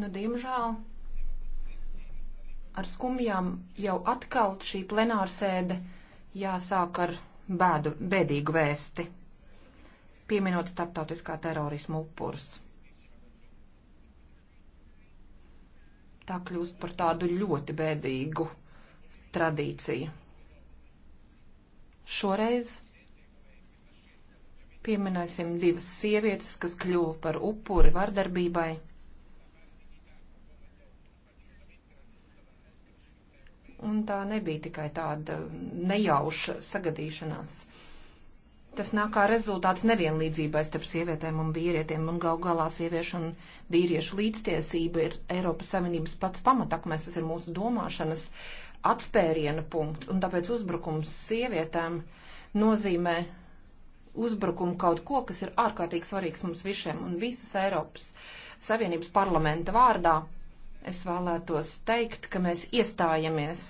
Nu, diemžēl ar skumjām jau atkal šī plenārsēde jāsāk ar bēdu, bēdīgu vēsti, pieminot starptautiskā terorismu upurus. Tā kļūst par tādu ļoti bēdīgu tradīciju. Šoreiz pieminēsim divas sievietes, kas kļuva par upuri vardarbībai un tā nebija tikai tāda nejauša sagadīšanās. Tas nāk kā rezultāts nevienlīdzībai starp sievietēm un vīrietiem, un gal galā sieviešu un vīriešu līdztiesība ir Eiropas Savienības pats pamatakmens, tas ir mūsu domāšanas atspēriena punkts, un tāpēc uzbrukums sievietēm nozīmē uzbrukumu kaut ko, kas ir ārkārtīgi svarīgs mums visiem un visas Eiropas Savienības parlamenta vārdā Es vēlētos teikt, ka mēs iestājamies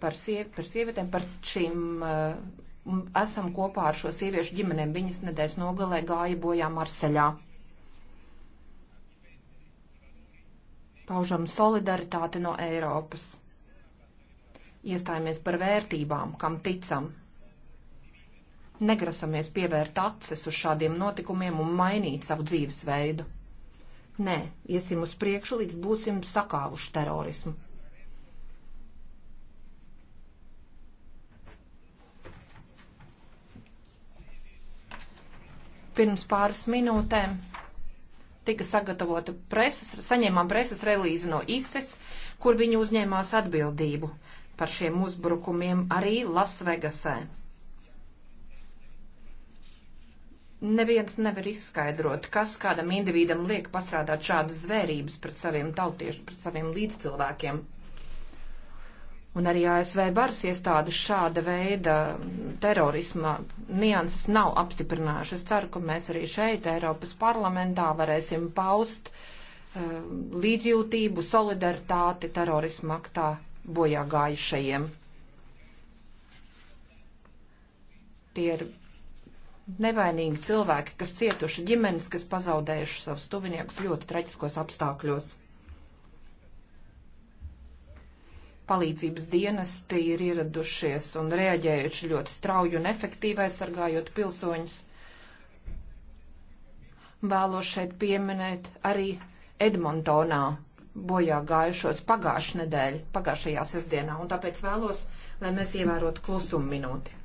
par, siev, par sievietēm, par šīm, uh, esam kopā ar šo sieviešu ģimenēm. Viņas nedēļas nogalē gāja bojā Marseļā. Paužam solidaritāti no Eiropas. Iestājamies par vērtībām, kam ticam. Negrasamies pievērt acis uz šādiem notikumiem un mainīt savu dzīvesveidu. Nē, iesim uz priekšu, līdz būsim sakāvuši terorismu. Pirms pāris minūtēm tika sagatavota preses, saņēmām preses relīzi no ISIS, kur viņi uzņēmās atbildību par šiem uzbrukumiem arī Lasvegasē. neviens nevar izskaidrot, kas kādam individam liek pastrādāt šādas zvērības pret saviem tautiešiem, pret saviem līdzcilvēkiem. Un arī ASV varas iestādes šāda veida terorisma nianses nav apstiprinājuši. Es ceru, ka mēs arī šeit, Eiropas parlamentā, varēsim paust uh, līdzjūtību, solidaritāti terorisma aktā bojā gājušajiem. Tie ir nevainīgi cilvēki, kas cietuši ģimenes, kas pazaudējuši savus tuviniekus ļoti traģiskos apstākļos. palīdzības dienesti ir ieradušies un reaģējuši ļoti strauji un efektīvi aizsargājot pilsoņus. Vēlos šeit pieminēt arī Edmontonā bojā gājušos pagājušajā nedēļā, pagājušajā sestdienā, un tāpēc vēlos, lai mēs ievērotu klusumu minūti.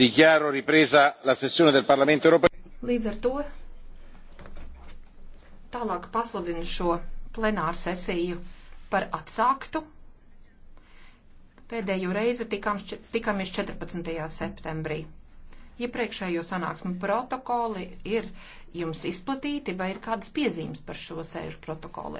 dichiaro ripresa la sessione del Parlamento europeo. Līdz ar to tālāk pasludinu šo plenāru sesiju par atsāktu. Pēdējo reizi tikām, tikāmies 14. septembrī. Iepriekšējo sanāksmu protokoli ir jums izplatīti vai ir kādas piezīmes par šo sēžu protokoliem?